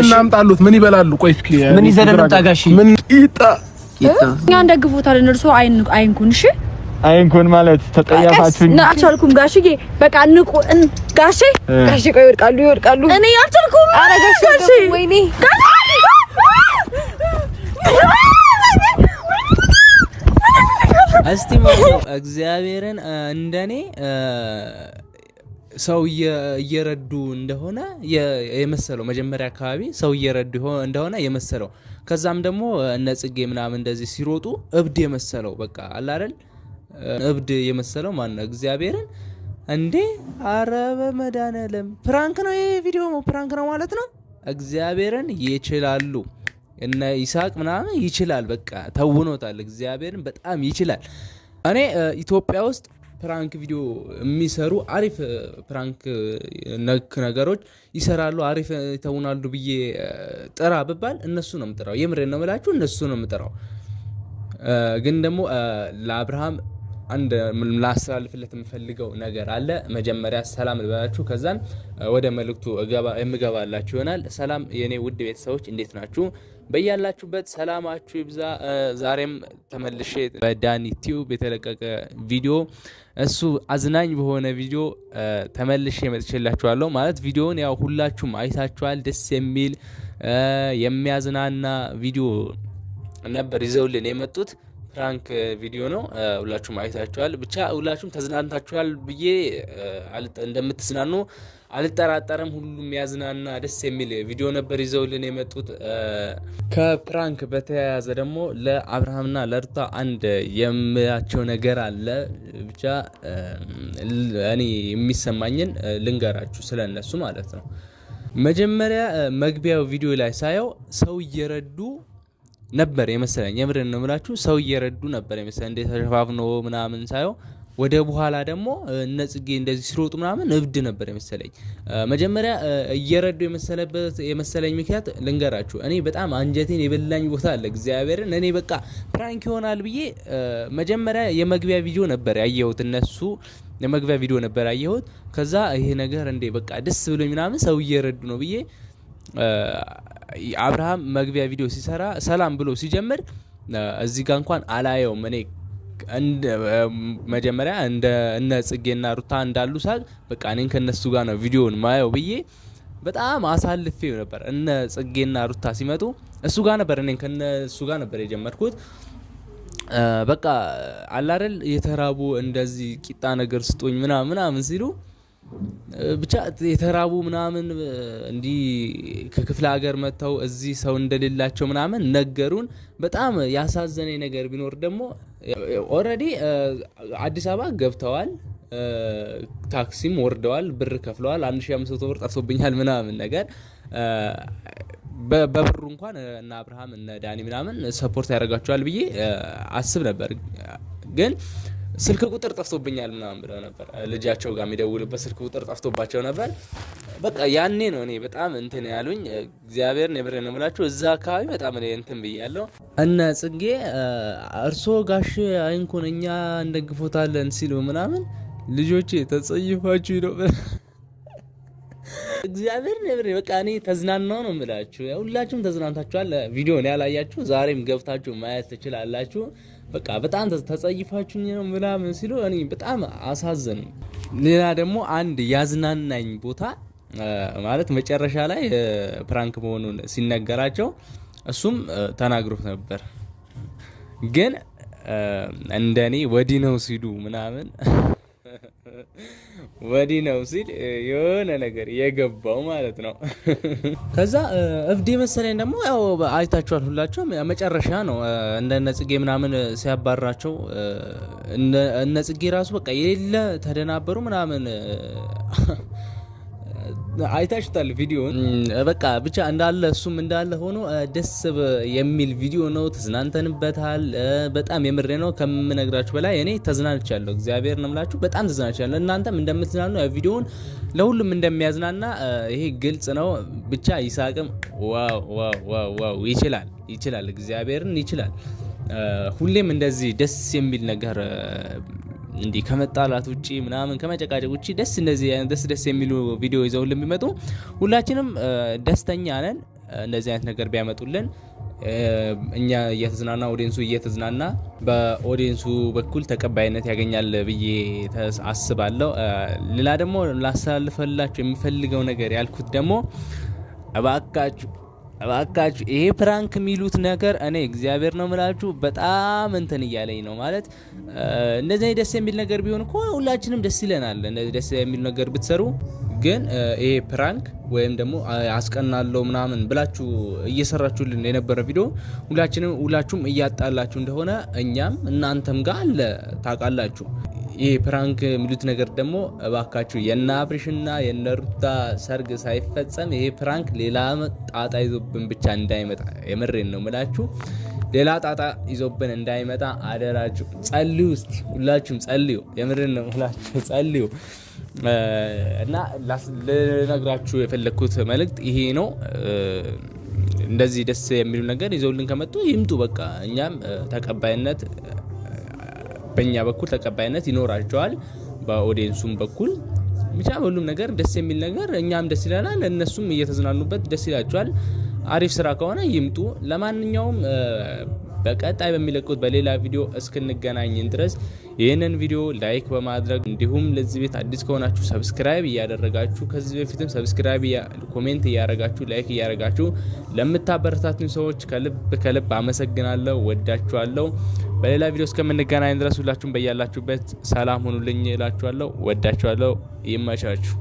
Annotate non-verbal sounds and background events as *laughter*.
ምን እናምጣሉት? ምን ይበላሉ? ቆይ እስኪ ምን ይዘን እንምጣ? ጋሺ ምን ይጣ ይጣ እኛ እንደግፎታለን። እርሶ አይንኩን። እሺ አይንኩን ማለት ተጠያፋችሁኝ። አልቻልኩም ጋሽዬ፣ በቃ ንቁ ጋሺ። ጋሺ ቆይ ይወድቃሉ፣ ይወድቃሉ። እኔ አልቻልኩም። አረ ጋሺ ወይኔ እስቲ እግዚአብሔርን እንደኔ ሰው እየረዱ እንደሆነ የመሰለው መጀመሪያ አካባቢ ሰው እየረዱ እንደሆነ የመሰለው ከዛም ደግሞ እነ ጽጌ ምናምን እንደዚህ ሲሮጡ እብድ የመሰለው በቃ አላረል እብድ የመሰለው ማን ነው እግዚአብሔርን እንዴ አረበ መድኃኒዓለም ፕራንክ ነው ይሄ ቪዲዮ ፕራንክ ነው ማለት ነው እግዚአብሔርን ይችላሉ እነ ይስሐቅ ምናምን ይችላል በቃ ተውኖታል እግዚአብሔርን በጣም ይችላል እኔ ኢትዮጵያ ውስጥ ፕራንክ ቪዲዮ የሚሰሩ አሪፍ ፕራንክ ነክ ነገሮች ይሰራሉ፣ አሪፍ ይተውናሉ ብዬ ጥራ ብባል እነሱ ነው የምጠራው። የምሬ ነው የምላችሁ፣ እነሱ ነው የምጥራው ግን ደግሞ ለአብርሃም አንድ ላስተላልፍለት የምፈልገው ነገር አለ። መጀመሪያ ሰላም ልበላችሁ፣ ከዛን ወደ መልእክቱ የምገባላችሁ ይሆናል። ሰላም የእኔ ውድ ቤተሰቦች እንዴት ናችሁ? በያላችሁበት ሰላማችሁ ይብዛ። ዛሬም ተመልሼ በዳኒ ቲዩብ የተለቀቀ ቪዲዮ እሱ አዝናኝ በሆነ ቪዲዮ ተመልሼ መጥቼላችኋለሁ። ማለት ቪዲዮውን ያው ሁላችሁም አይታችኋል። ደስ የሚል የሚያዝናና ቪዲዮ ነበር ይዘውልን የመጡት። ፕራንክ ቪዲዮ ነው። ሁላችሁም አይታችኋል። ብቻ ሁላችሁም ተዝናንታችኋል ብዬ እንደምትዝናኑ አልጠራጠርም። ሁሉም ያዝናና ደስ የሚል ቪዲዮ ነበር ይዘውልን የመጡት። ከፕራንክ በተያያዘ ደግሞ ለአብርሃምና ለሩታ አንድ የምያቸው ነገር አለ። ብቻ እኔ የሚሰማኝን ልንገራችሁ ስለነሱ ማለት ነው። መጀመሪያ መግቢያው ቪዲዮ ላይ ሳየው ሰው እየረዱ ነበር የመሰለኝ። የምርን ነው ሰው እየረዱ ነበር የመሰለኝ። እንደ ተሸፋፍኖ ምናምን ሳየው ወደ በኋላ ደግሞ እነ ጽጌ እንደዚህ ሲሮጡ ምናምን እብድ ነበር የመሰለኝ። መጀመሪያ እየረዱ የመሰለበት የመሰለኝ ምክንያት ልንገራችሁ። እኔ በጣም አንጀቴን የበላኝ ቦታ አለ። እግዚአብሔርን እኔ በቃ ፕራንክ ይሆናል ብዬ መጀመሪያ የመግቢያ ቪዲዮ ነበር ያየሁት፣ እነሱ የመግቢያ ቪዲዮ ነበር ያየሁት። ከዛ ይሄ ነገር እንዴ በቃ ደስ ብሎኝ ምናምን ሰው እየረዱ ነው ብዬ አብርሃም መግቢያ ቪዲዮ ሲሰራ ሰላም ብሎ ሲጀምር እዚህ ጋር እንኳን አላየውም እኔ መጀመሪያ እንደ እነ ጽጌና ሩታ እንዳሉ ሳቅ በቃ እኔን ከእነሱ ጋር ነው ቪዲዮን ማየው ብዬ በጣም አሳልፌው ነበር። እነ ጽጌና ሩታ ሲመጡ እሱ ጋር ነበር እኔ ከእነሱ ጋር ነበር የጀመርኩት። በቃ አላረል የተራቡ እንደዚህ ቂጣ ነገር ስጡኝ ምናምን ምናምን ሲሉ ብቻ የተራቡ ምናምን እንዲህ ከክፍለ ሀገር መጥተው እዚህ ሰው እንደሌላቸው ምናምን ነገሩን። በጣም ያሳዘነኝ ነገር ቢኖር ደግሞ ኦልሬዲ አዲስ አበባ ገብተዋል፣ ታክሲም ወርደዋል፣ ብር ከፍለዋል። 1500 ብር ጠፍቶብኛል ምናምን ነገር በብሩ እንኳን እነ አብርሃም እነ ዳኒ ምናምን ሰፖርት ያደርጋቸዋል ብዬ አስብ ነበር ግን ስልክ ቁጥር ጠፍቶብኛል ምናምን ብለው ነበር። ልጃቸው ጋር የሚደውልበት ስልክ ቁጥር ጠፍቶባቸው ነበር። በቃ ያኔ ነው እኔ በጣም እንትን ያሉኝ። ነው ብሬ ነው የምላችሁ። እዛ አካባቢ በጣም እኔ እንትን ብያለሁ። እነ ጽጌ እርሶ ጋሽ አይንኩን እኛ እንደግፎታለን ሲሉ ምናምን ልጆቼ ተጸይፋችሁ ነው እግዚአብሔር ነብሬ በቃ እኔ ተዝናናው ነው የምላችሁ። ሁላችሁም ተዝናንታችኋል። ቪዲዮን ያላያችሁ ዛሬም ገብታችሁ ማየት ትችላላችሁ። በቃ በጣም ተጸይፋችሁኝ ነው ምናምን ሲሉ እኔ በጣም አሳዘኑ። ሌላ ደግሞ አንድ ያዝናናኝ ቦታ ማለት መጨረሻ ላይ ፕራንክ መሆኑን ሲነገራቸው እሱም ተናግሮት ነበር ግን እንደኔ ወዲህ ነው ሲሉ ምናምን ወዲህ ነው ሲል የሆነ ነገር የገባው ማለት ነው። ከዛ እብድ መሰለኝ ደግሞ ያው አይታችኋል ሁላቸውም መጨረሻ ነው እንደ ነጽጌ ምናምን ሲያባራቸው እነጽጌ ራሱ በቃ የሌለ ተደናበሩ ምናምን አይታችሁታል ቪዲዮን። በቃ ብቻ እንዳለ እሱም እንዳለ ሆኖ ደስ የሚል ቪዲዮ ነው። ተዝናንተንበታል። በጣም የምሬ ነው ከምነግራችሁ በላይ እኔ ተዝናንቻለሁ። እግዚአብሔር ነው ምላችሁ በጣም ተዝናንቻለሁ። እናንተም እንደምትዝናኑ ቪዲዮውን ለሁሉም እንደሚያዝናና ይሄ ግልጽ ነው። ብቻ ይሳቅም ዋው ይችላል ይችላል፣ እግዚአብሔርን ይችላል። ሁሌም እንደዚህ ደስ የሚል ነገር እንዲህ ከመጣላት ውጭ ምናምን ከመጨቃጨቅ ውጭ ደስ እንደዚህ ደስ ደስ የሚሉ ቪዲዮ ይዘውልን የሚመጡ ሁላችንም ደስተኛ ነን። እንደዚህ አይነት ነገር ቢያመጡልን እኛ እየተዝናና ኦዲንሱ እየተዝናና በኦዲንሱ በኩል ተቀባይነት ያገኛል ብዬ አስባለሁ። ሌላ ደግሞ ላስተላልፈላችሁ የሚፈልገው ነገር ያልኩት ደግሞ እባካችሁ እባካችሁ ይሄ ፕራንክ የሚሉት ነገር እኔ እግዚአብሔር ነው ምላችሁ በጣም እንትን እያለኝ ነው። ማለት እንደዚህ ደስ የሚል ነገር ቢሆን እኮ ሁላችንም ደስ ይለናል። እንደዚህ ደስ የሚል ነገር ብትሰሩ ግን ይሄ ፕራንክ ወይም ደግሞ አስቀናለው ምናምን ብላችሁ እየሰራችሁልን የነበረ ቪዲዮ ሁላችንም ሁላችሁም እያጣላችሁ እንደሆነ እኛም እናንተም ጋር አለ ታውቃላችሁ። ይህ ፕራንክ የሚሉት ነገር ደግሞ እባካችሁ የነ አብርሽና የነ ሩታ ሰርግ ሳይፈጸም ይሄ ፕራንክ ሌላ ጣጣ ይዞብን ብቻ እንዳይመጣ የምሬን ነው ምላችሁ። ሌላ ጣጣ ይዞብን እንዳይመጣ አደራችሁ ጸልዩ፣ ውስጥ ሁላችሁም ጸልዩ። የምሬን ነው ምላችሁ *laughs* ጸልዩ። እና ልነግራችሁ የፈለግኩት መልእክት ይሄ ነው። እንደዚህ ደስ የሚሉ ነገር ይዘውልን ከመጡ ይምጡ። በቃ እኛም ተቀባይነት በእኛ በኩል ተቀባይነት ይኖራቸዋል። በኦዲየንሱም በኩል ብቻ በሁሉም ነገር ደስ የሚል ነገር እኛም ደስ ይለናል፣ እነሱም እየተዝናኑበት ደስ ይላቸዋል። አሪፍ ስራ ከሆነ ይምጡ። ለማንኛውም በቀጣይ በሚለቁት በሌላ ቪዲዮ እስክንገናኝን ድረስ ይህንን ቪዲዮ ላይክ በማድረግ እንዲሁም ለዚህ ቤት አዲስ ከሆናችሁ ሰብስክራይብ እያደረጋችሁ ከዚህ በፊትም ሰብስክራይብ፣ ኮሜንት እያደረጋችሁ ላይክ እያደረጋችሁ ለምታበረታቱኝ ሰዎች ከልብ ከልብ አመሰግናለሁ። ወዳችኋለሁ። በሌላ ቪዲዮ እስከምንገናኝ ድረስ ሁላችሁም በያላችሁበት ሰላም ሁኑልኝ እላችኋለሁ። ወዳችኋለሁ። ይመቻችሁ።